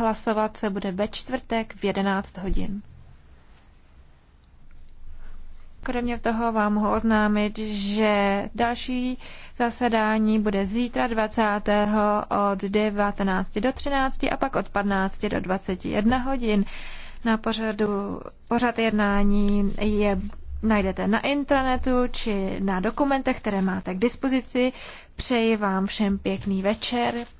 Hlasovat se bude ve čtvrtek v 11 hodin. Kromě toho vám mohu oznámit, že další zasedání bude zítra 20. od 19. do 13. a pak od 15. do 21 hodin. Na pořadu, pořad jednání je najdete na intranetu či na dokumentech, které máte k dispozici. Přeji vám všem pěkný večer.